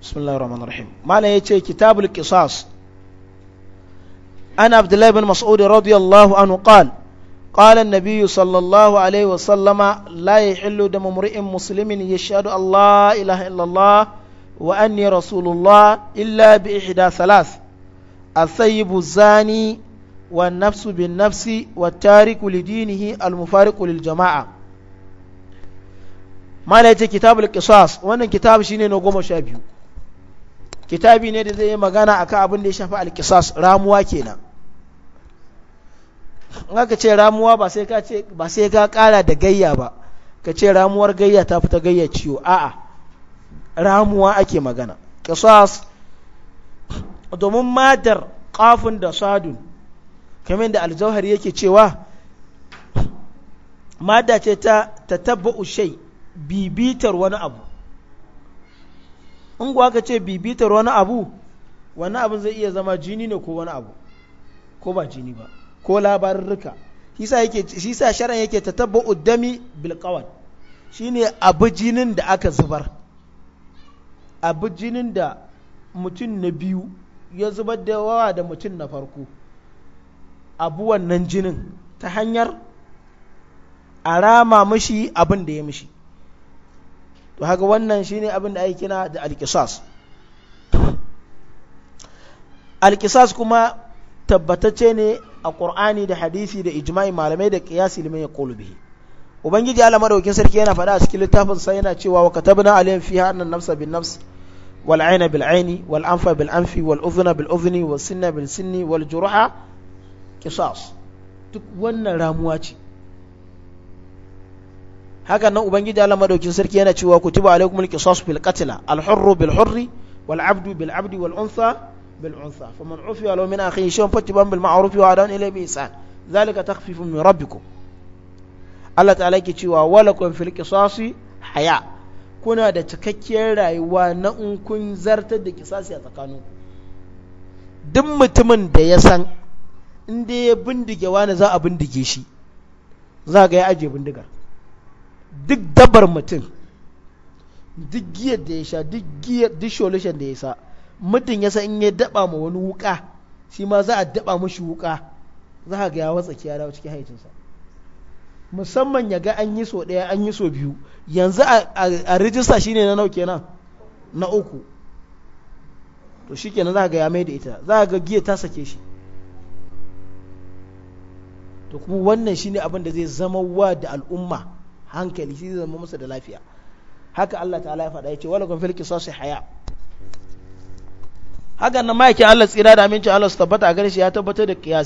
bismillahirrahmanirrahim mana ya ce kitabul kisas an abdullahi bin mas'udi radiyallahu anhu qal qala an-nabiy sallallahu alaihi wa sallama la yahillu damu mar'in muslimin yashhadu allah illallah wa anni rasulullah illa bi ihda thalath as zani wa nafsu bin nafsi wa tariku li dinihi al-mufariqu jama'a mana ya ce kitabul kisas wannan kitabu shine na goma sha biyu kitabi ne da zai yi magana akan abin da ya shafi alkisas ramuwa kenan in aka ce ramuwa ba sai ka kara da gayya ba ka ce ramuwar gayya ta fita gayya ciwo a'a ramuwa ake magana kisas domin madar kafin da sadun kamar da aljauhar yake cewa mada ce ta tabba shai bibitar wani abu in kuwa ka ce bibitar wani abu wani abu zai iya zama jini ne ko wani abu ko ba jini ba ko labarurruka shi sa sharan yake ta tabba uddami bilkawar shi ne abu jinin da aka zubar abu jinin da mutum na biyu ya zubar da yawa da mutum na farko abu wannan jinin ta hanyar a rama mashi abin da ya mishi to haka wannan shine abin da ake kira da alkisas alkisas kuma tabbatacce ne a qur'ani da hadisi da ijma'i malamai da qiyasi liman yaqulu bihi ubangiji Allah madaukin sarki yana faɗa a cikin littafin sa yana cewa wa katabna alayhim fiha anna nafsa bin nafs wal ayna bil ayni wal anfa bil anfi wal udhna bil udhni was sinna bil sinni wal juruha qisas duk wannan ramuwa ce haka nan ubangiji Allah madaukin sarki yana cewa kutiba alaikumul qisas fil qatl al hurru bil hurri wal abdu bil abdi wal untha bil untha faman ufiya lahu min akhihi shay'un fatiban bil ma'ruf wa adan ilayhi bi ihsan zalika takhfifun min rabbikum Allah ta'ala yake cewa walakum fil qisasi haya kuna da cikakkiyar rayuwa na in kun zartar da kisasi a tsakaninku duk mutumin da ya san in ya bindige wani za a bindige shi za ga ya ajiye bindigar duk dabar mutum duk giyar da ya sha duk giyar duk sholishan da ya sa mutum ya san in ya daba ma wani wuka shi ma za a daba mashi wuka za a ga ya watsa kiya dawo cikin haicinsa musamman ya ga an yi so ɗaya an yi so biyu yanzu a rijista ne na nauke nan na uku to shi kenan za a ga ya mai da ita za a ga giya ta sake shi to kuma wannan ne abin da zai zama wa da al'umma hankali shi zama masa da lafiya haka Allah ta'ala ya faɗa ya ce wala kun fil haya haka nan ma'aikin Allah tsira da aminci Allah su tabbata a gare shi ya tabbatar da ya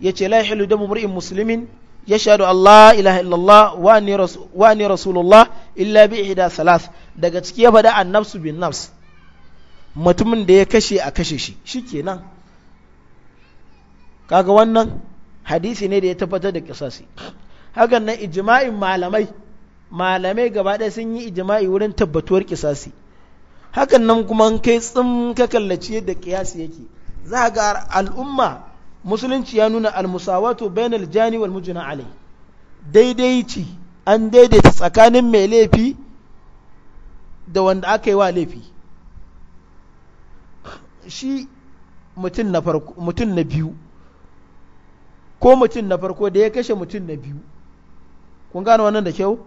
yace la yahilu damu mur'in muslimin yashhadu Allah ilaha illallah wa anni rasul wa anni rasulullah illa bi ihda salas daga ciki ya faɗa annafsu bin nafs mutumin da ya kashe a kashe shi shikenan kaga wannan hadisi ne da ya tabbatar da kisasi hakan nan ijma'in malamai malamai gaba ɗaya sun yi ijima'i wurin tabbatuwar kisasi hakan nan kuma kai tsim ka kallaci yadda kiyasi yake za ga al'umma musulunci ya nuna almusawatu bainal jani wal mujna alai daidaici an daidaita tsakanin mai laifi da wanda aka yi wa laifi shi mutum na biyu ko mutum na farko da ya kashe mutum na biyu kun gane wannan da kyau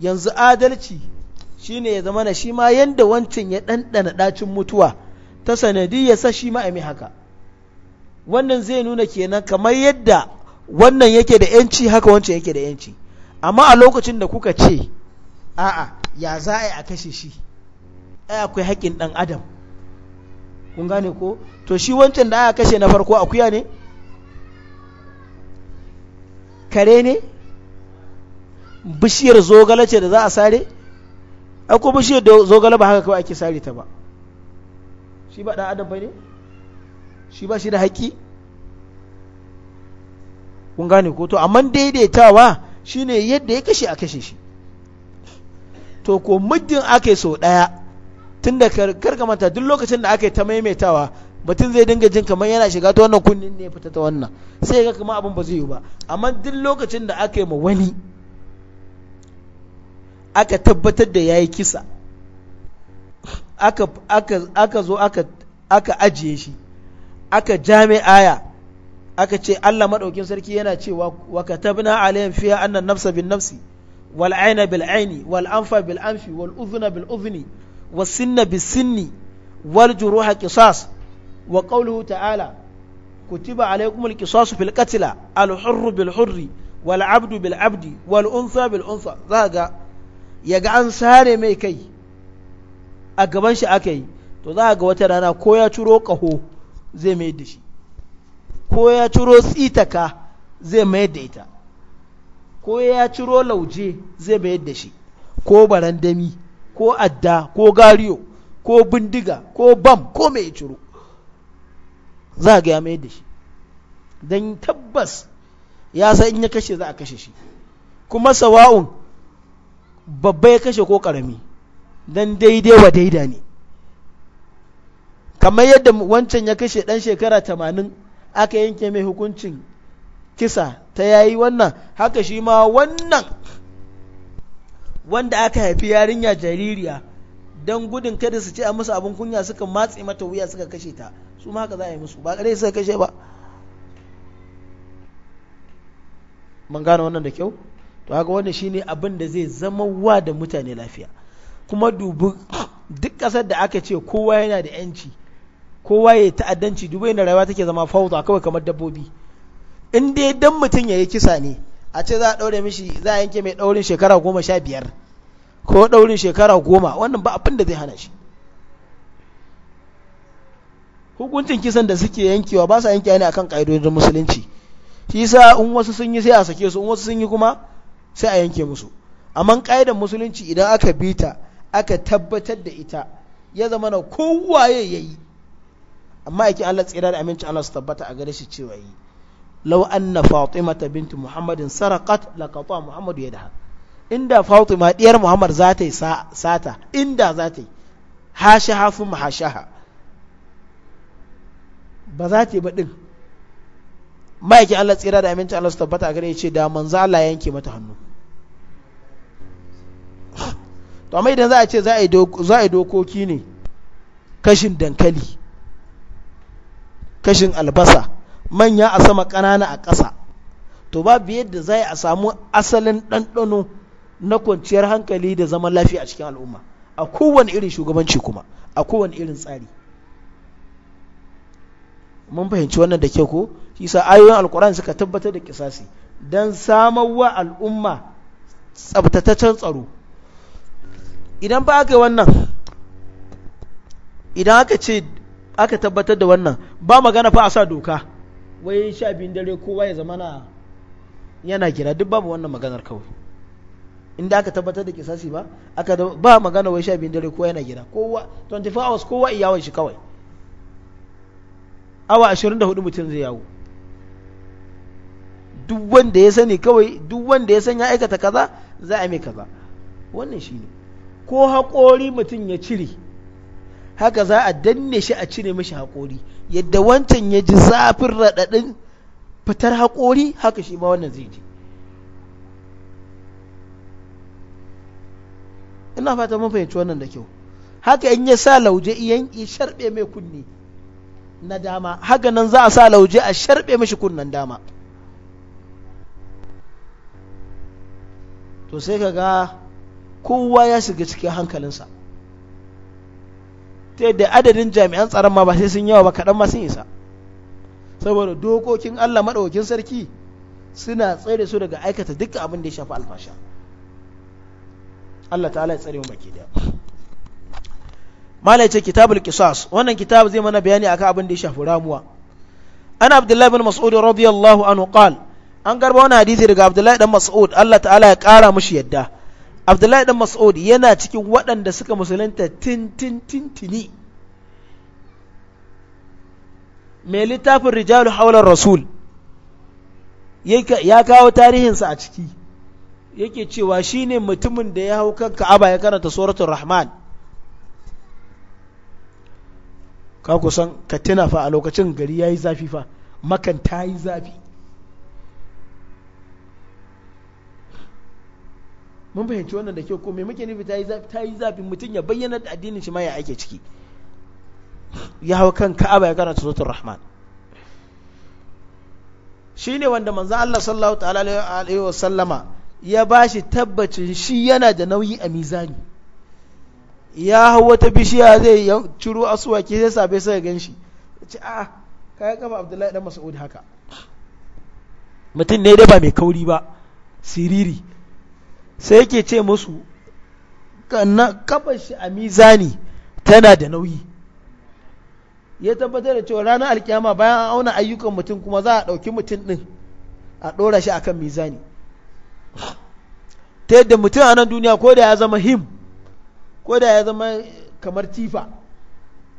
yanzu adalci shine ya zama na shi ma yanda wancan ya ɗanɗana ɗacin mutuwa ta sanadiyar sa shi ma a haka wannan zai nuna kenan kamar yadda wannan yake da yanci haka wancan yake da yanci amma a lokacin da kuka ce a'a ya za a yi a kashe shi ai akwai haƙƙin ɗan adam kun gane ko to shi wancan da aka kashe na farko akuya ne kare ne bishiyar zogale ce da za a sare akwai bishiyar zogala zogale ba haka kawai ake sare ta ba shi ba ɗan adam ba ne shi ba shi da haƙƙi kun gane ko to amma daidaitawa shi ne yadda ya kashe a kashe shi to ko muddin ake so ɗaya tun da karkamata duk lokacin da aka yi ta maimaitawa batun zai dinga jin kamar yana shiga ta wannan kunnin ne fita ta wannan sai ga kama abin ba zai yi ba amma duk lokacin da aka yi ma wani aka tabbatar da ya yi kisa aka zo aka ajiye shi aka jami'aya aka ce Allah maɗaukin sarki yana cewa wa katabna alayhim fiha anna nafsa bin nafsi wal bil'aini wal'amfa bil'amfi wal anfa wasinna anfi wal sinni wal wa qawluhu ta'ala kutiba alaykum al qisas fil qatla al walabdu bilabdi hurri wal abdu bil ya ga an sare mai kai a gaban shi aka yi to za ga wata rana ko ya ciro ƙaho zai mai da shi ko ya ciro tsitaka zai mai da ita ko ya ciro lauje zai mai da shi ko barandami ko adda ko gariyo ko bindiga ko bam ko mai ciro za ga ya mai da shi don tabbas ya sa in ya kashe za a kashe shi kuma sawa'un babba ya kashe ko karami dan daidai wa daida ne kamar yadda wancan ya kashe dan shekara tamanin aka yanke mai hukuncin kisa ta yayi wannan haka shi ma wannan wanda aka haifi yarinya jaririya don gudun kada su ce a musu abin kunya suka matse mata wuya suka kashe ta su ma haka za a yi musu ba kare suka kashe ba mun gane wannan da kyau to haka wannan shine abin da zai zama wa da mutane lafiya kuma dubu duk ƙasar da aka ce kowa yana da yanci kowa ya ta'addanci dubu yana rayuwa take zama fauda kawai kamar dabbobi in dai dan mutum ya yi kisa ne a ce za a ɗaure mishi za a yanke mai ɗaurin shekara goma sha biyar ko ɗaurin shekara goma wannan ba abin da zai hana shi hukuncin kisan da suke yankewa ba sa yanke ne akan ƙa'idodin musulunci shi sa in wasu sun yi sai a sake su in wasu sun yi kuma sai a yanke musu amma ƙa'idar musulunci idan aka bi ta aka tabbatar da ita ya zama na kowaye ya yi amma yake Allah tsira da aminci Allah su tabbata a gare shi cewa yi law anna fatimata binti muhammadin saraqat laqata muhammadu yadaha inda fatima diyar muhammad za ta yi sata inda za ta yi hashaha mahashaha ba za ta yi ba din ma'aikin Allah tsira da aminci Allah su tabbata a gare shi da manzo Allah yanke mata hannu to amma idan za a ce za a yi dokoki ne kashin dankali kashin albasa manya a sama kanana a ƙasa to babu yadda za a samu asalin ɗanɗano na kwanciyar hankali da zaman lafiya a cikin al'umma a kowane irin shugabanci kuma a kowane irin tsari mun fahimci wannan da ke ko shi sa ayoyin alkuran suka tabbatar da kisasi don samarwa al'umma tsabtataccen tsaro idan ba aka yi wannan idan aka ce aka tabbatar da wannan ba magana fa a sa doka wai sha biyun dare kowa ya zama na yana gira duk babu wannan maganar kawai inda aka tabbatar da kisasi ba aka ba magana wai sha biyun dare kowa yana gira kowa 24 hours kowa iyawan shi kawai awa 24 mutum zai yawo duk wanda ya sani kawai duk wanda ya san ya aikata kaza za a mai kaza wannan shi ne. ko haƙori mutum ya cire haka za a danne shi a cire mashi haƙori yadda wancan ya ji zafin raɗaɗin fitar haƙori haka shi ma wannan zai ji ina fata mun fahimci wannan da kyau haka in ya sa lauje yanki sharɓe mai kunni na dama haka nan za a sa lauje a sharɓe mashi kunnen dama to sai ka ga kowa ya shiga cikin hankalinsa ta yadda adadin jami'an tsaron ma ba sai sun yawa ba kaɗan ma sun isa saboda dokokin Allah maɗaukin sarki suna tsare su daga aikata dukkan abin da ya shafi alfasha Allah ta'ala ya tsare mu baki daya malai ce kitabul qisas wannan kitab zai mana bayani akan abin da ya shafi ramuwa ana abdullahi bin mas'ud radiyallahu anhu qal an garba wani hadisi daga abdullahi dan mas'ud Allah ta'ala ya kara mushi yadda abdullahi ɗan mas'ud yana cikin waɗanda suka musulunta tintintintini mai littafin rijalu haular rasul ya kawo tarihinsa a ciki yake cewa shi ne mutumin da ya hau kan ka'aba ya karanta suratul rahman ka kusan ka tuna fa a lokacin gari ya yi zafi fa makan yi zafi mun fahimci wannan da kyau ko me muke nufi ta yi zafi mutum ya bayyana da addinin shi ma ya ake ciki ya hau kan ka'aba ya karanta suratul rahman ne wanda manzo Allah sallallahu ta'ala alaihi wa sallama ya bashi tabbacin shi yana da nauyi a mizani ya hau wata bishiya zai ya ciro asuwaki zai sabe sai gan shi ce a ah, kai kafa Abdullahi dan Mas'ud haka mutum ne da ba mai kauri ba siriri sai yake ce musu shi a mizani tana da nauyi ya tabbatar da cewa ranar alkiyama bayan an auna ayyukan mutum kuma za a ɗauki mutum ɗin a ɗora shi akan mizani ta yadda mutum a nan duniya ko da ya zama him ko da ya zama kamar tifa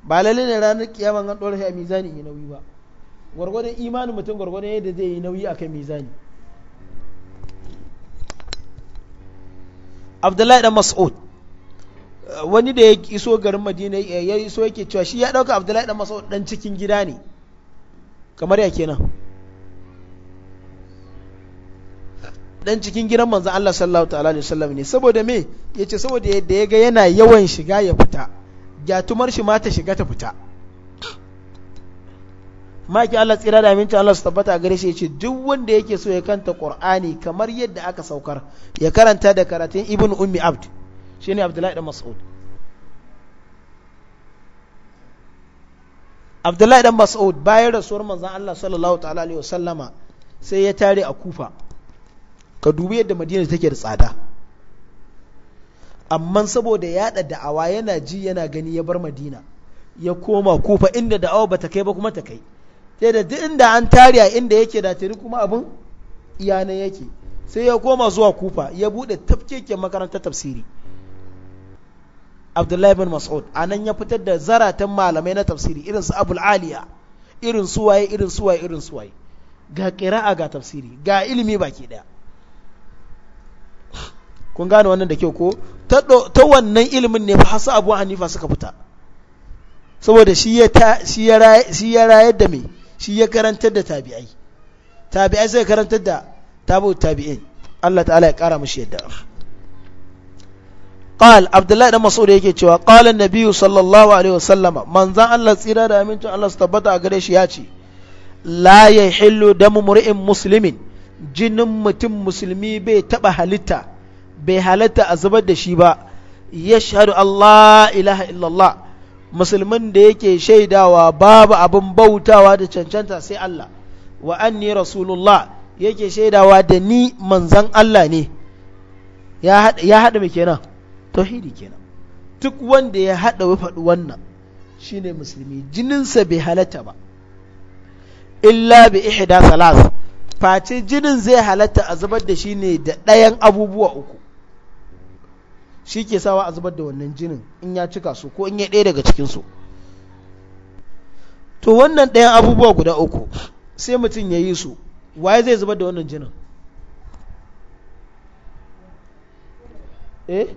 ba lalle ne ranar kiyama an ɗora shi a mizani ya nauyi ba gwargwadon imanin mutum gwargwadon yadda zai yi nauyi akan mizani abdullahi dan mas'ud uh, wani da ya iso garin madina eh, ya iso yake cewa shi ya dauka abdullahi dan mas'ud dan cikin gida ne kamar ya kenan dan cikin gidan manzon Allah sallallahu ta'ala alaihi wasallam ne saboda me yace saboda yadda ya ga yana yawan shiga ya fita gyatumar shi ma ta shiga ta fita maki Allah tsira da aminci Allah su tabbata a gare shi yace duk wanda yake so ya kanta Qur'ani kamar yadda aka saukar ya karanta da karatun Ibn Ummi Abd shine Abdullahi da Mas'ud Abdullahi dan Mas'ud bayan rasuwar manzon Allah sallallahu ta'ala alaihi wasallama sai ya tare a Kufa ka dubi yadda Madina take da tsada amma saboda da da'awa yana ji yana gani ya bar Madina ya koma Kufa inda da'awa bata kai ba kuma ta kai sai da duk inda an tare a inda yake da tari kuma abin iyana yake sai ya koma zuwa kufa ya bude tafkeken makarantar tafsiri abdullahi bin mas'ud a nan ya fitar da zaratan malamai na tafsiri irin su abul aliya irin su waye irin su waye irin su waye ga qira'a ga tafsiri ga ilimi baki daya kun gane wannan da kyau ko ta wannan ilimin ne fa hasu abu hanifa suka fita saboda shi ya rayar da mai shi ya karantar da tabi'ai tabi'ai sai karantar da tabi'ut tabi'in Allah ta'ala ya kara mishi yadda قال عبد الله بن مسعود yake cewa qala an-nabi sallallahu alaihi wasallama manzan Allah tsira da amincin Allah su tabbata a gare shi ya ce la yahillu damu mur'in muslimin jinin mutum musulmi bai taba halitta bai halatta a zubar da shi ba yashhadu Allah ilaha illallah musulmin da yake shaidawa babu abin bautawa da cancanta sai Allah wa anni rasulullah yake shaidawa da ni manzan Allah ne ya haɗa mai kenan tauhidi kenan duk wanda ya haɗa wa faɗi wannan shine musulmi jininsa bai halatta ba illa bi ihda salas face jinin zai halatta a da shi ne da ɗayan abubuwa uku shi ke sawa a zubar da wannan jinin in ya cika su ko in ya ɗaya daga cikinsu to wannan ɗayan abubuwa guda uku sai mutum ya yi su waye zai zubar da wannan jinin eh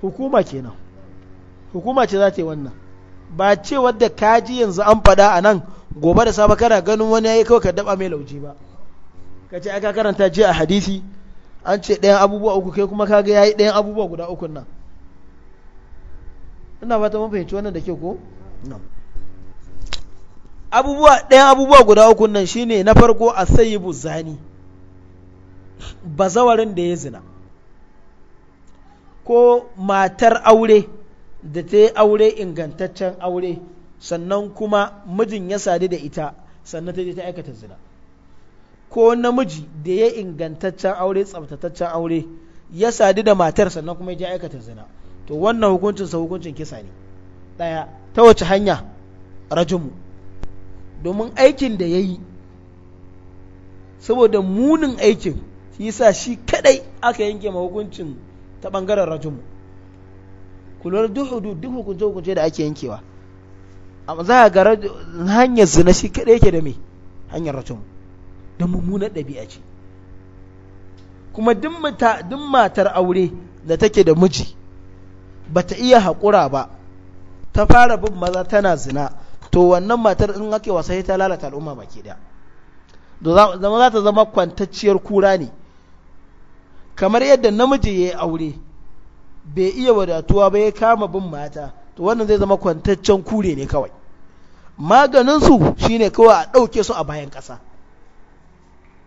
hukuma kenan hukuma ce za ta yi wannan ba ce wadda kaji yanzu an faɗa a nan gobe da safe ganin wani ya yi kawai ka daba mai lauji ba ka ce aka karanta jiya a hadisi an ce ɗayan abubuwa uku kai kuma kaga yayi ɗayan abubuwa guda uku nan ina fata mun fahimci wannan da ke ko no abubuwa ɗayan abubuwa guda uku nan shine na farko a sayi buzani bazawarin da ya zina ko matar aure da ta yi aure ingantaccen aure sannan kuma mijin ya sadu da ita sannan ta je ta aikata zina ko namiji da ya ingantaccen aure tsabtataccen aure ya sadu da matar sannan kuma ya ji aikata zina to wannan hukuncin sa hukuncin kisa ne daya ta wace hanya rajumu domin aikin da yayi saboda munin aikin yasa shi kadai aka yanke ma hukuncin ta bangaren rajumu kullar duk hudud duk hukunce hukunce da ake yankewa amma za a ga hanyar zina shi kadai yake da me hanyar rajumu da mummunar ɗabi'a ce kuma duk matar aure da take da miji ba ta iya haƙura ba ta fara bin maza tana zina to wannan matar in ake wasa ta lalata al'umma ba ke da zama za ta zama kwantacciyar kura ne kamar yadda namiji ya yi aure bai iya wadatuwa ba ya kama bin mata to wannan zai zama kwantaccen kure ne kawai maganinsu ne kawai a ɗauke su a bayan ƙasa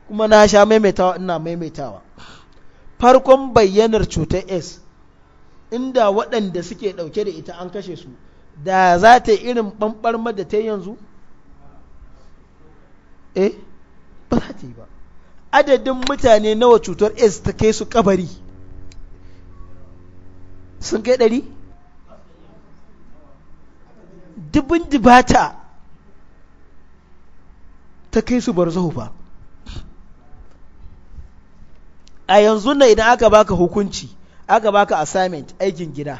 kuma na sha maimaitawa ina maimaitawa farkon bayyanar cutar s inda waɗanda suke ɗauke da ita an kashe su da za ta irin ɓanɓar da ta yanzu eh ba za ta yi ba adadin mutane nawa cutar s ta kai su kabari sun kai ɗari dubin dubata ta kai su barzahu ba a yanzu na idan aka baka hukunci aka baka assignment aikin gida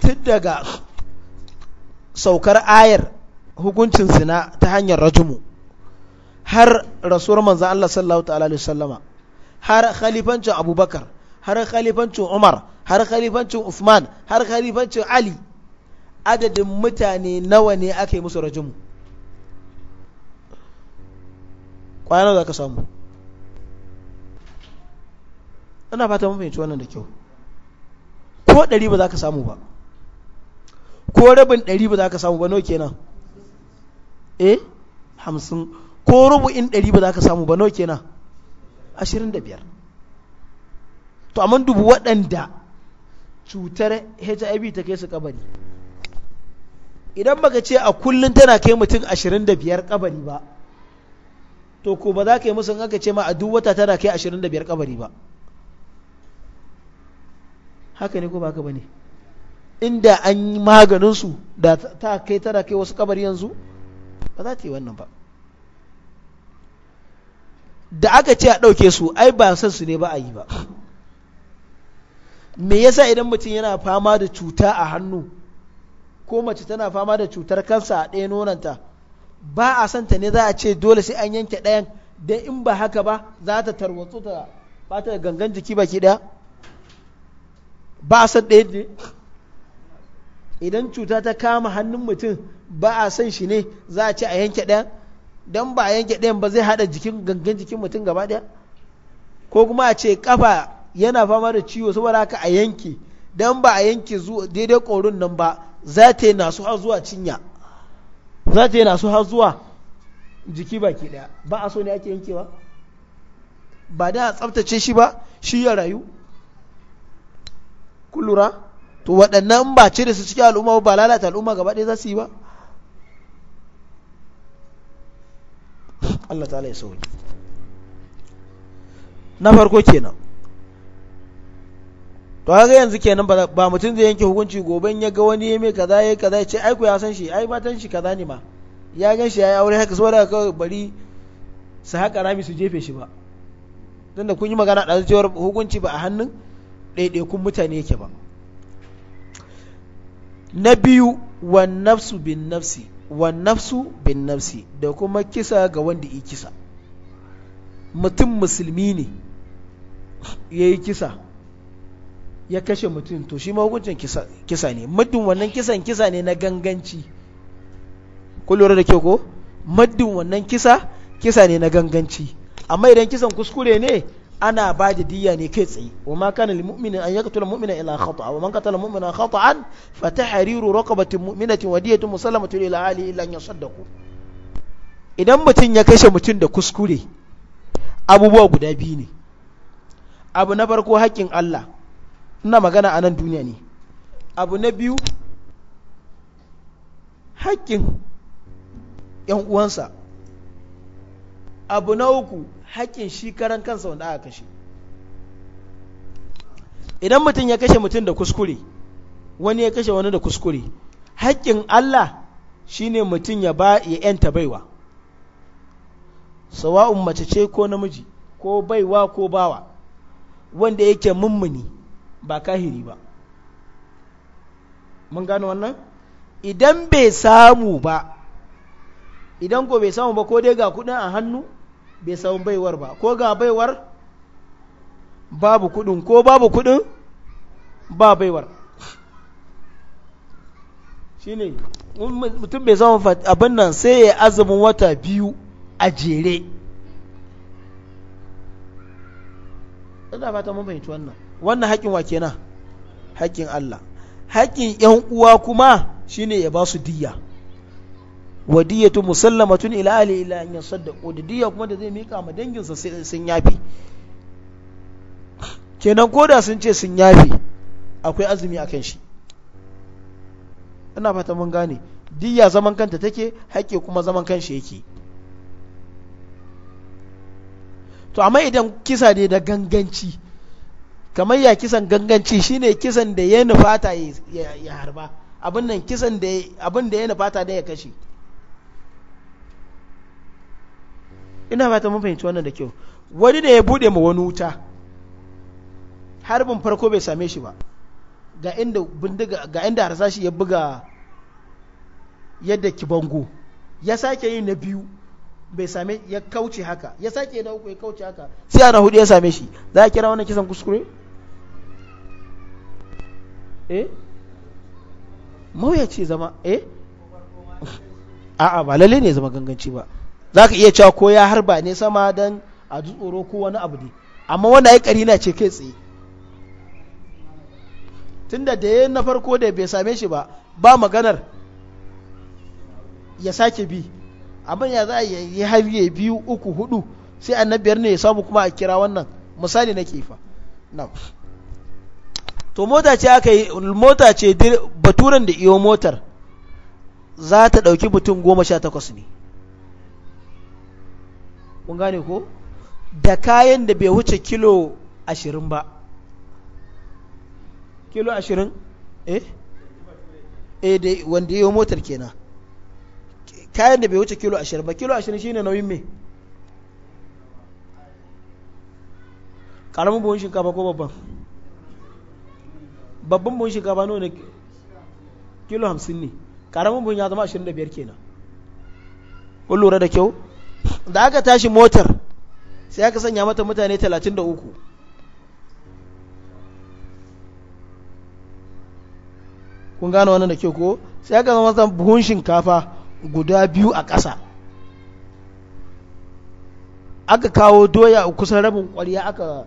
tun daga saukar ayar hukuncin zina ta hanyar rajumu har rasuwar manzan Allah sallallahu ta'ala alaihi sallama har khalifancin abubakar har khalifancin umar har khalifancin usman har khalifancin ali adadin mutane nawa ne aka yi musu rajumu kwanar za ka samu ina fata mun fahimci wannan da kyau ko ɗari ba za ka samu ba ko rabin ɗari ba za ka samu ba nawa kenan eh hamsin ko rubu'in ɗari ba za ka samu ba nawa kenan ashirin da biyar to amma dubu waɗanda cutar hiv ta kai su kabari idan baka ce a kullum tana kai mutum ashirin da biyar kabari ba to ko ba za ka yi musu aka ce ma a duk wata tana kai ashirin da biyar kabari ba haka ne ko ba haka bane inda an yi maganin da ta kai tana kai wasu kabar yanzu ba za ta yi wannan ba da aka ce a ɗauke su ai ba san su ne ba a yi ba me yasa idan mutum yana fama da cuta a hannu ko mace tana fama da cutar kansa a ɗaya nonanta ba a san ta ne za a ce dole sai an yanke ɗayan da in ba haka ba za ta tarwatsu ta ba ta gangan jiki baki ɗaya ba a san ɗaya ne idan cuta ta kama hannun mutum ba a san shi ne za a ce a yanke ɗaya don ba a yanke ɗayan ba zai haɗa jikin gangan jikin mutum gaba ɗaya ko kuma a ce kafa yana fama da ciwo saboda haka a yanke don ba a yanke daidai ƙorin nan ba za ta yi nasu har zuwa cinya za ta yi nasu har zuwa jiki baki ɗaya ba a so ne ake yankewa ba da a tsabtace shi ba shi ya rayu Kullura to waɗannan ba cire su cikin al'umma ba lalata al'umma gaba ɗaya za su yi ba Allah ta'ala ya sauki na farko kenan to haka yanzu kenan ba mutum zai yanke hukunci gobe ya ga wani ya mai kaza ya kaza ya ce ai ku ya san shi ai matan shi kaza ne ma ya gan shi ya yi aure haka saboda ka bari su haka rami su jefe shi ba tunda kun yi magana da cewar hukunci ba a hannun ɗaiɗaikun mutane yake ba na biyu wannafsu bin nafsi wannafsu bin nafsi da kuma kisa ga wanda yi kisa mutum musulmi ne ya yi kisa ya kashe mutum to shi mahukuncin hukuncin kisa ne muddin wannan kisan kisa ne na ganganci ku lura da ke ko muddin wannan kisa kisa ne na ganganci amma idan kisan kuskure ne ana ba da diya ne kai tsaye wa ma kana lil mu'mini an yaqtula mu'mina ila khata'a wa man qatala mu'mina khata'an fa tahriru raqabatin mu'minatin wa diyatun musallamatun ila ahli illa an yasaddaqu idan mutum ya kashe mutum da kuskure abubuwa guda biyu ne abu na farko haƙƙin Allah ina magana a nan duniya ne abu na biyu haƙƙin ƴan uwansa abu na uku haƙƙin shi karan kansa wanda aka kashe idan mutum ya kashe mutum da kuskure wani ya kashe wani da kuskure haƙƙin Allah shi ne mutum ya ba ya yanta baiwa sawa'un mace ce ko namiji ko baiwa ko bawa wanda yake mummuni ba kahiri ba mun gano wannan idan bai samu ba idan ko bai samu ba ko dai ga kudin a hannu bai samu baiwar ba ko ga baiwar babu kudin ko babu kudin ba baiwar shine mutum bai samu abin nan sai ya azumin wata biyu a jere ina fata mun fahimci wannan wannan haƙƙin wa kenan haƙƙin Allah haƙƙin ƴan uwa kuma shine ya ba su diyya wadiyatu musallamatun ila ahli ila an yasaddaqu da diya kuma da zai mika ma danginsa sun yafi kenan koda sun ce sun yafi akwai azumi akan shi ina fata mun gane diya zaman kanta take haƙƙi kuma zaman kanshi yake to amma idan kisa ne da ganganci kamar ya kisan ganganci shine kisan da ya nufata ya harba abin nan kisan da abin da ya nufata da ya kashe ina ba mun fahimci wannan da kyau wani da ya bude ma wani wuta harbin farko bai same shi ba ga inda bindiga ga inda harsashi ya buga yadda kibango ya sake yi na biyu bai same ya kauce haka ya sake na uku ya kauce haka sai ana hudu ya same shi za a kira wannan kisan kuskure eh mawuyaci zama eh a'a ba lalle ne zama ganganci ba za ka iya cewa ko ya harba ne sama don a ji tsoro ko wani abu ne amma wanda ya ƙari na ce kai tsaye tun da ya na farko da bai same shi ba ba maganar ya sake bi amma ya za a yi harye biyu uku hudu sai annabiyar ne ya samu kuma a kira wannan misali na kifa to mota ce aka yi mota ce baturen da iyo motar za ta ɗauki mutum goma sha takwas ne kun gane ko da kayan da bai wuce kilo ashirin ba kilo ashirin eh eh dai wanda yi motar kenan kayan da bai wuce kilo ashirin ba kilo ashirin shine nauyin me karamin buhun shinkafa ko babban babban buhun shinkafa nuna kilo hamsin ne karamin buhun ya zama ashirin da biyar kenan kun lura da kyau da aka tashi motar sai aka sanya mata mutane 33 kun gano wannan da ke ko sai aka zama zan buhun shinkafa guda biyu a ƙasa aka kawo doya kusan rabin ƙwarya aka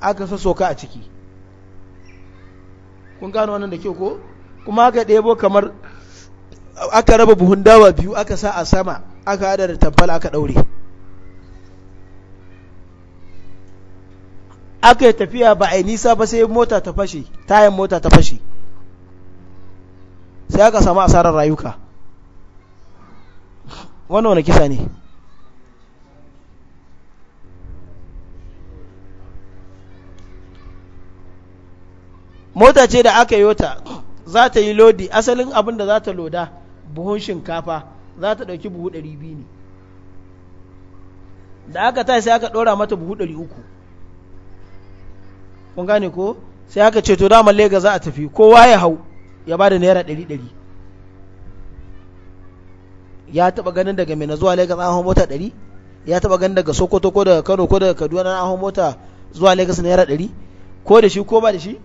aka sassoka a ciki kun gano wannan da ke ko kuma aka ɗebo kamar aka raba buhun dawa biyu aka sa a sama aka hada da tabbal aka daure aka yi tafiya ba a yi nisa ba sai mota ta fashe tayan mota ta fashe sai aka samu asarar rayuka wannan wani kisa ne mota ce da aka yi wata za ta yi lodi asalin abin da za ta loda buhun shinkafa za ta ɗauki buhu ɗari biyu ne da aka ta sai aka ɗora mata buhu ɗari uku kun gane ko sai aka ce to damar lega za a tafi kowa ya hau ya ba da naira ɗari ɗari ya taɓa ganin daga mai na zuwa Legas an hau mota ɗari ya taɓa ganin daga sokoto ko daga kano ko daga kaduna an hau mota zuwa lagos naira ɗari ko da shi ko ba da shi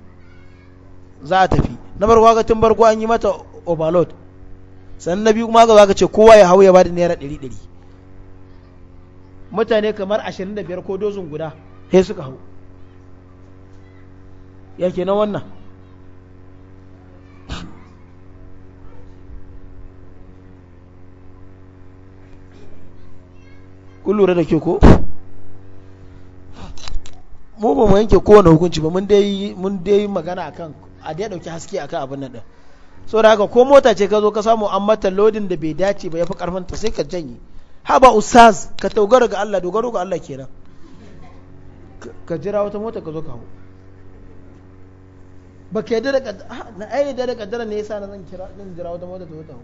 za a tafi na farko ga tun farko an yi mata overload sannan na biyu kuma ga zaka ce kowa ya hau ya bada naira ɗari ɗari mutane kamar ashirin da biyar ko dozin guda sai suka hau ya ke na wannan kun lura da ke ko mu ba mu yanke kowane hukunci ba mun dai magana akan a dai dauki haske akan abin nan din so da haka ko mota ce ka zo ka samu an mata lodin da bai dace ba ya fi karfin ta sai ka janye haba ustaz ka dogara ga Allah dogaro ga Allah kenan ka jira wata mota ka zo ka hau ba ka yadda da na ai da da kaddara ne yasa na zan kira zan jira wata mota ta zo ta hau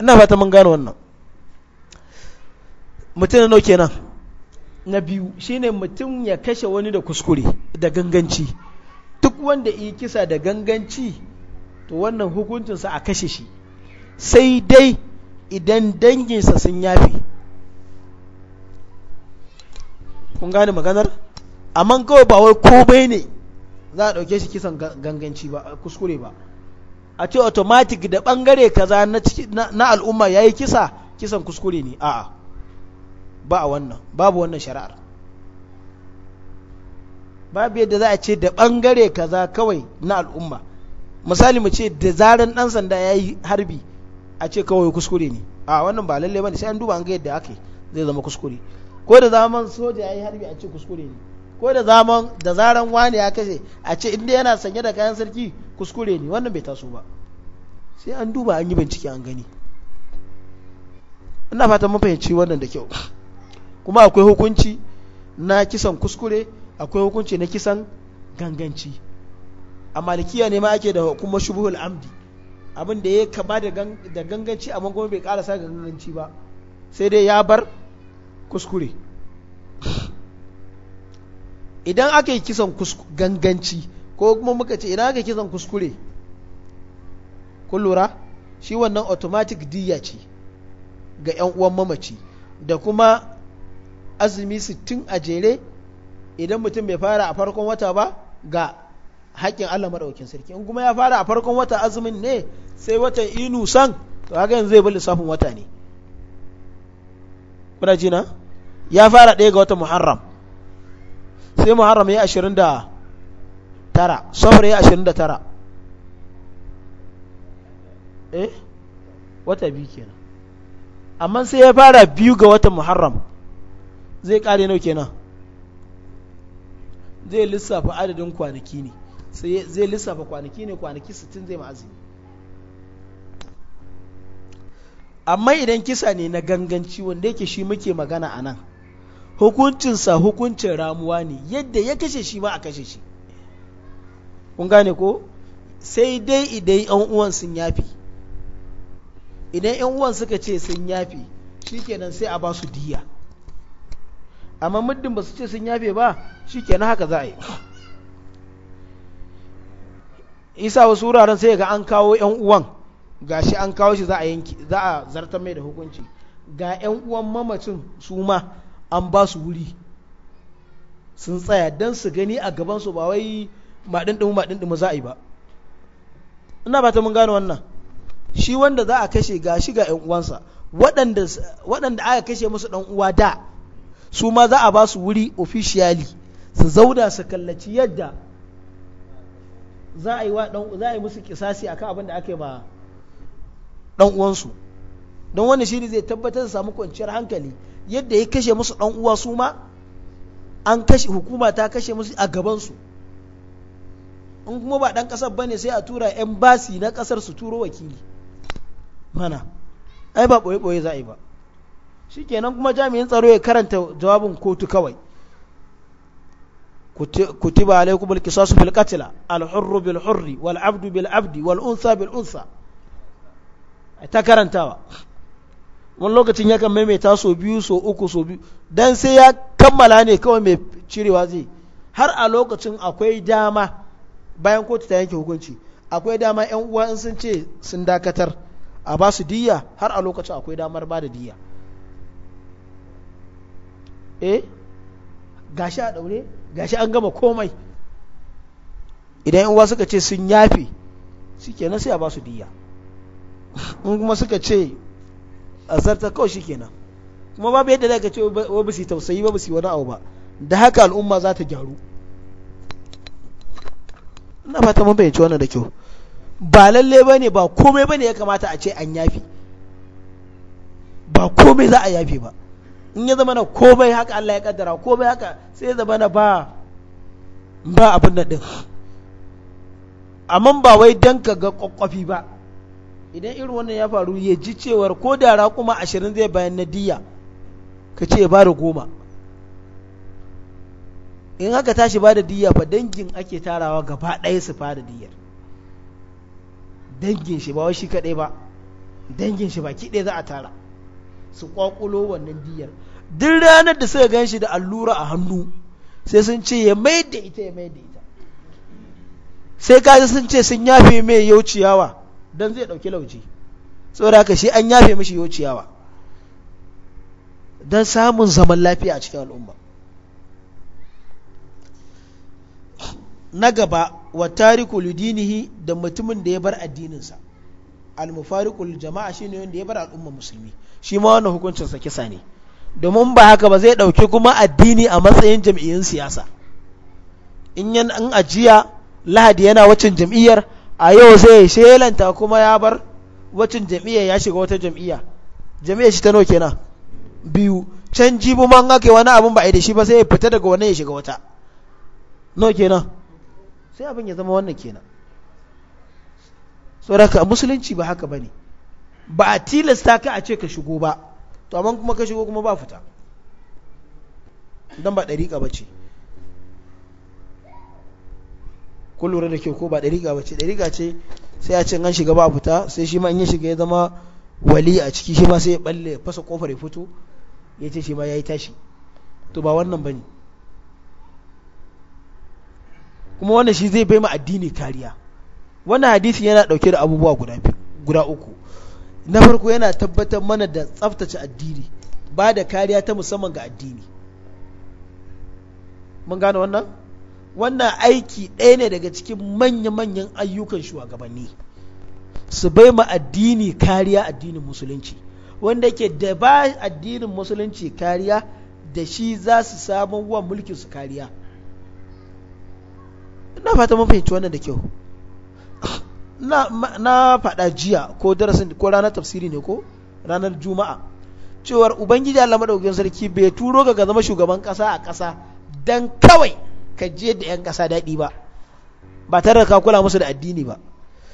ina fata mun gano wannan mutum na nan na biyu shine mutum ya kashe wani da kuskure da ganganci duk wanda yi kisa da ganganci to wannan hukuncinsa a kashe shi sai dai idan danginsa sun yafi kun gane maganar amma kawai ba wai komai ne za a ɗauke shi kisan ganganci ba kuskure ba a ce automatic da ɓangare kaza na al'umma ya yi kisa kisan kuskure ne a'a ba a wannan babu wannan shari'ar babu yadda za a ce da bangare kaza kawai na al'umma misali mu ce da zaran dan sanda ya yi harbi a ce kawai kuskure ne a wannan ba lalle bane sai an duba an ga yadda ake zai zama kuskure ko da zaman soja ya yi harbi a ce kuskure ne ko da zaman da zaran wani ya kashe a ce inda yana sanye da kayan sarki kuskure ne wannan bai taso ba sai an duba an yi bincike an gani ina fatan mun fahimci wannan da kyau kuma akwai hukunci na kisan kuskure akwai hukunci na kisan ganganci a malikiya ne ma ake da kuma shubuhul amdi abin da ya kama da ganganci amma kuma bai karasa ganganci ba sai dai ya bar kuskure idan aka yi kisan ganganci ko kuma muka ce idan aka yi kisan kuskure kun lura shi wannan automatic diya ce ga 'yan uwan mamaci da kuma azumi 60 a jere idan mutum bai fara a farkon wata ba ga haƙƙin Allah maɗaukin sarki in kuma ya fara a farkon wata azumin ne sai watan inu san to haka yanzu zai bi lissafin wata ne kuna jina ya fara ɗaya ga watan muharram sai muharram ya ashirin da tara safar ya ashirin da tara eh wata biyu kenan amma sai ya fara biyu ga watan muharram zai ƙare nau kenan zai lissafa adadin kwanaki ne sai zai lissafa kwanaki ne kwanaki 60 zai ma'azini. amma idan kisa ne na ganganci wanda yake shi muke magana a nan hukuncinsa hukuncin ramuwa ne yadda ya kashe shi ma a kashe shi kun gane ko sai dai idan yan uwan sun yafi idan yan uwan suka ce sun yafi shikenan sai a ba su diya amma muddin ba su ce sun yafe ba shi kenan haka za a yi isa wasu wuraren sai ga an kawo yan uwan ga shi an kawo shi za a yanki za a zartar mai da hukunci ga yan uwan mamacin su ma an ba su wuri sun tsaya don su gani a gabansu ba wai maɗinɗinmu maɗinɗinmu za a yi ba ina ba ta mun gane wannan shi wanda za a kashe ga shi ga yan uwansa waɗanda aka kashe musu ɗan uwa da su ma za a ba su wuri officially su zauna su kallaci yadda za a yi musu kisasi akan abin da aka yi ma dan uwansu don wani shi ne zai tabbatar su samu kwanciyar hankali yadda ya kashe musu dan uwa su ma an kashe hukuma ta kashe musu a gabansu in kuma ba dan kasar bane sai a tura embassy na kasar su turo wakili mana ai ba boye boye za a yi ba shikenan kuma jami'in tsaro ya karanta jawabin kotu kawai kutiba alaikum alqisasu fil qatl al hurru bil hurri wal abdu bil abdi wal unsa bil unsa ta karantawa wani lokacin ya kan maimaita so biyu so uku so biyu dan sai ya kammala ne kawai mai cirewa zai har a lokacin akwai dama bayan kotu ta yanke hukunci akwai dama yan uwa in sun ce sun dakatar a ba su diya har a lokacin akwai damar ba da diya eh gashi a daure gashi an gama komai idan yan uwa suka ce sun yafe shikenan sai a ba su diya in kuma suka ce a zarta kawai shikenan kuma babu yadda zaka ce wa ba su tausayi ba ba su wani abu ba da haka al'umma za ta gyaru ina fata mun bayyance wannan da kyau ba lalle bane ba komai bane ya kamata a ce an yafi ba komai za a yafi ba in ya zama na komai haka Allah ya kaddara komai haka sai ya zama na ba ba abin da din amma ba wai dan ka ga kwakwafi ba idan irin wannan ya faru ya ji cewar ko da kuma ashirin zai bayan na diya ka ce ba da goma in haka tashi ba da diya fa dangin ake tarawa gaba ɗaya su fara diyar dangin shi ba wai shi kaɗai ba dangin shi baki ɗaya za a tara su kwakulo wannan diyar duk ranar da suka gan shi da allura a hannu sai sun ce ya mai da ita ya mai da ita sai kaji sun ce sun yafe mai yau ciyawa don zai ɗauki lauci saboda shi an yafe mashi yau ciyawa don samun zaman lafiya a cikin al'umma na gaba wa tariku ludinihi da mutumin da ya bar addininsa al-mufariqul jama'a shine wanda ya bar al'umma musulmi shi ma wannan hukuncinsa kisa ne domin ba haka ba zai ɗauki kuma addini a matsayin jam'iyyun siyasa in yan an ajiya lahadi yana wacin jam'iyyar a yau zai shelanta kuma ya bar wacin jam'iyyar ya shiga wata jam'iyya jam'iyyar shi ta nawa kenan biyu can jibu man ake wani abin ba a yi da shi ba sai ya fita daga wani ya shiga wata nawa kenan sai abin ya zama wannan kenan saboda musulunci ba haka bane ba a tilasta ka a ce ka shigo ba to amma kuma ka shigo kuma ba fita don ba ɗariƙa ba ce kun lura da ke ko ba ɗariƙa ba ce ɗariƙa ce sai a ce an shiga ba fita sai shi ma in shiga ya zama wali a ciki shi ma sai ya balle fasa kofar ya fito ya ce shi ma ya yi tashi to ba wannan ba ne kuma wannan shi zai bai ma addini kariya wannan hadisi yana ɗauke da abubuwa guda uku na farko yana tabbatar mana da tsaftace addini ba da kariya ta musamman ga addini mun gano wannan wannan aiki ɗaya ne daga cikin manya-manyan ayyukan shugabanni su bai ma addini kariya addinin musulunci wanda ke da ba addinin musulunci kariya da shi za su samu wa mulkin su kariya ina fata mun wannan da kyau na faɗa jiya ko darasin ko ranar tafsiri ne ko ranar juma'a cewar ubangiji Allah madaukakin sarki bai turo ga zama shugaban kasa a kasa dan kawai ka je da yan kasa daɗi ba ba tare da ka kula musu da addini ba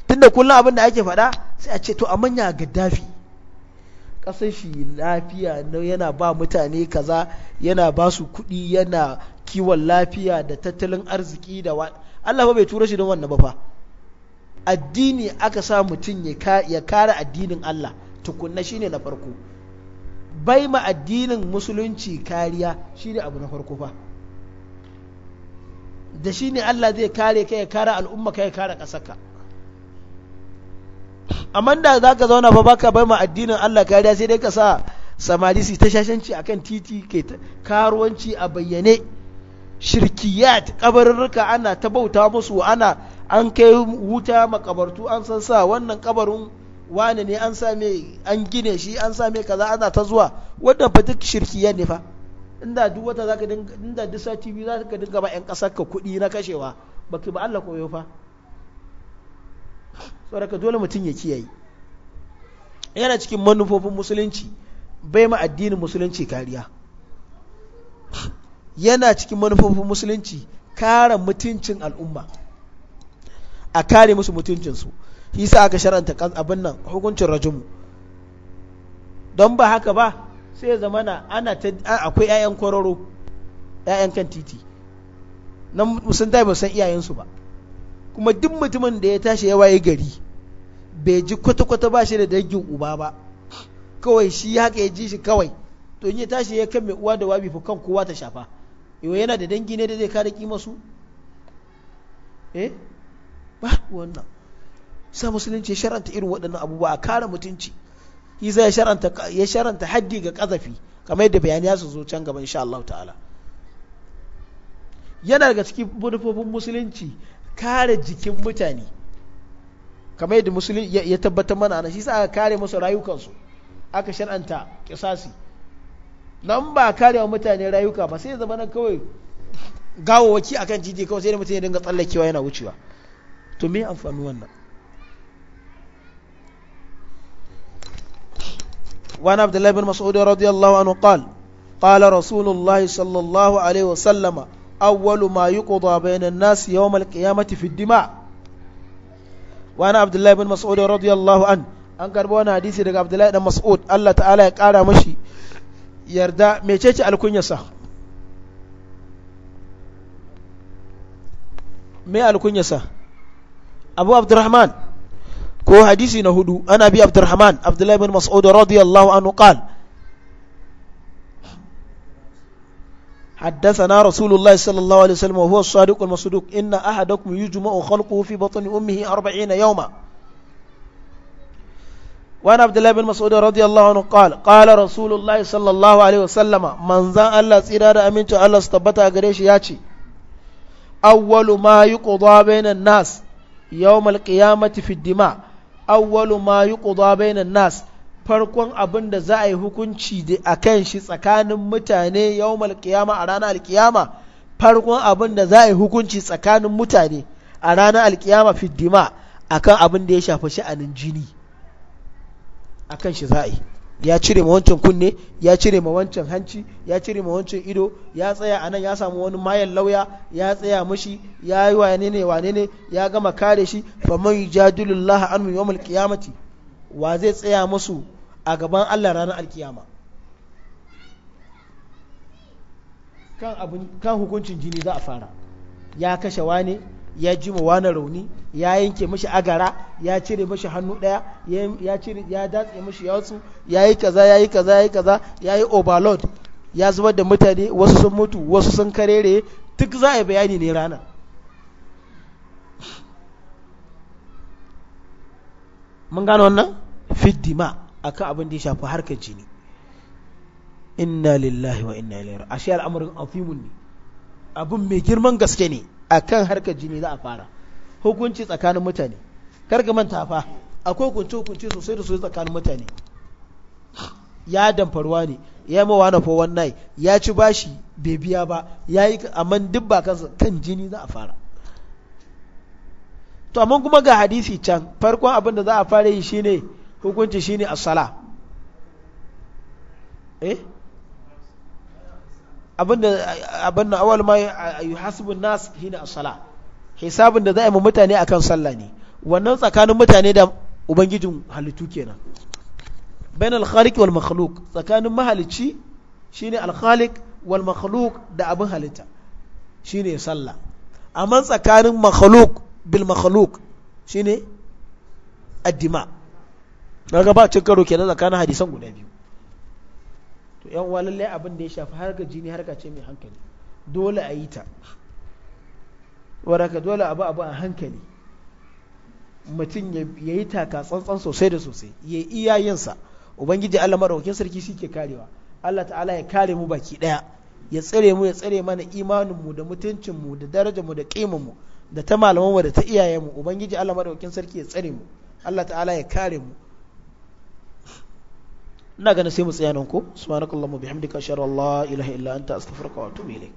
tunda kullum abin da ake faɗa sai a ce to amma ya gaddafi kasar shi lafiya yana ba mutane kaza yana ba su kuɗi yana kiwon lafiya da tattalin arziki da Allah fa bai turo shi don wannan ba fa addini aka sa mutum ya kare addinin Allah tukunna shine na farko bai ma addinin musulunci kariya shine abu na farko fa da shine Allah zai kare ka ya kare al'umma ka ya kare ƙasarka amma da za ka zauna ba baka bai ma addinin Allah kariya sai dai ka sa samari su ta shashanci akan titi ke karuwanci a bayyane shirkiyat kabarurruka ana ta bauta musu ana an kai wuta makabartu an san sa wannan kabarin wane ne an same an gine shi an same kaza ana ta zuwa wannan fa duk shirkiya ne fa inda duk wata zaka dinga inda duk TV biyu zaka dinga ba yan kasar ka kuɗi na kashewa baki ba Allah koyo fa saboda dole mutum ya kiyaye yana cikin manufofin musulunci bai ma addinin musulunci kariya yana cikin manufofin musulunci kare mutuncin al'umma a kare musu mutuncinsu shi sa aka shar'anta abin nan hukuncin rajumu don ba haka ba sai zama na ana akwai 'ya'yan kwararo 'ya'yan kan titi nan musun dai ba san iyayensu ba kuma duk mutumin da ya tashi ya waye gari bai ji kwata-kwata ba shi da dangin uba ba kawai shi haka ya ji shi kawai to ya tashi ya kan mai uwa da wabi fi kan kowa ta shafa yau yana da dangi ne da zai kare kimasu eh ba wannan sa musulunci ya sharanta irin waɗannan abubuwa a kare mutunci yi ya sharanta ya sharanta haddi ga ƙazafi kamar yadda bayani su zo can gaba insha Allah ta'ala yana daga cikin manufofin musulunci kare jikin mutane kamar yadda musulun ya tabbatar mana ana shi sa aka kare musu rayukansu aka shar'anta kisasi nan ba kare wa mutane rayuka ba sai zama nan kawai waki akan jiji kawai sai da mutum ya dinga tsallakewa yana wucewa to me amfani wannan وعن عبد الله بن مسعود رضي الله عنه قال قال رسول الله صلى الله عليه وسلم أول ما يقضى بين الناس يوم القيامة في الدماء وعن عبد الله بن مسعود رضي الله عنه an karbo wani hadisi daga abdullahi dan mas'ud Allah ta'ala ya kara mashi yarda mecece alkunyarsa me alkunyarsa abu abdurrahman ko hadisi na hudu ana abi abdurrahman abdullahi bin mas'ud radiyallahu anhu qala حدثنا رسول الله صلى الله عليه وسلم وهو الصادق المصدوق إن أحدكم يجمع خلقه في بطن أمه أربعين يوما وأنا عبد الله بن مسعود رضي الله عنه قال قال رسول الله صلى الله عليه وسلم من ذا الله سيرار أمينت الله استبتع قريش ياتي أول ما يقضى بين الناس yawmal qiyamati fid dima awwalu ma yuqda bainan nas farkon abin da za a yi hukunci a kan shi tsakanin mutane yawmal qiyama a ranar alkiyama farkon abin da za a yi hukunci tsakanin mutane a ranar alkiyama fid a kan abin da ya shafi sha'anin jini kan shi za a yi ya cire ma wancan kunne ya cire ma wancan hanci ya cire ma wancan ido ya tsaya a nan ya samu wani mayan lauya ya tsaya mashi ya yi wane ne wane ne ya gama kare shi fa man yujadilullah an yawmal qiyamati wa zai tsaya musu a gaban Allah ranar alkiyama kan abun kan hukuncin jini za a fara ya kashe wane ya ji ma wani rauni ya yanke mashi agara ya cire mashi hannu daya ya cire ya datse mashi yatsu ya yi kaza ya yi kaza ya yi kaza ya yi overload ya zubar da mutane wasu sun mutu wasu sun karere duk za a bayani ne rana mun gano wannan fiddima akan abin da ya shafi harkar jini inna lillahi wa inna ilaihi ashe al'amarin afimun ne abin mai girman gaske ne akan harkar jini za a fara hukunci tsakanin mutane karka manta fa akwai hukunci hukunci sosai da sosai tsakanin mutane ya damfarwa ne ya mawa na fo wannan ya ci bashi bai biya ba ya yi amma duk ba kansa kan jini za a fara to amma kuma ga hadisi can farkon abin da za a fara yi shine hukunci shine as-sala eh abinda abinda awal ma yuhasibu nas hina as hisabin da za a yi mutane akan sallah ne wannan tsakanin mutane da ubangijin halittu kenan bainal khaliq wal makhluq tsakanin mahalicci shine al khaliq wal makhluq da abin halitta shine sallah amma tsakanin makhluq bil makhluq shine addima daga ba cikin karo kenan tsakanin hadisan guda biyu to yan uwa lallai abin da ya shafi harka jini harka ce mai hankali dole a yi ta waraka dole abu abu a hankali mutum ya yi taka tsantsan sosai da sosai ya iya yinsa ubangiji allah maraukin sarki shi ke karewa allah ta'ala ya kare mu baki daya ya tsare mu ya tsare mana imaninmu da mutuncinmu da darajarmu da ƙimanmu da ta malamanmu da ta iyayenmu ubangiji allah maraukin sarki ya tsare mu allah ta'ala ya kare mu ina ganin sai mu tsaya nan ko subhanakallahumma bihamdika ashhadu an la ilaha illa anta astaghfiruka wa atubu ilaik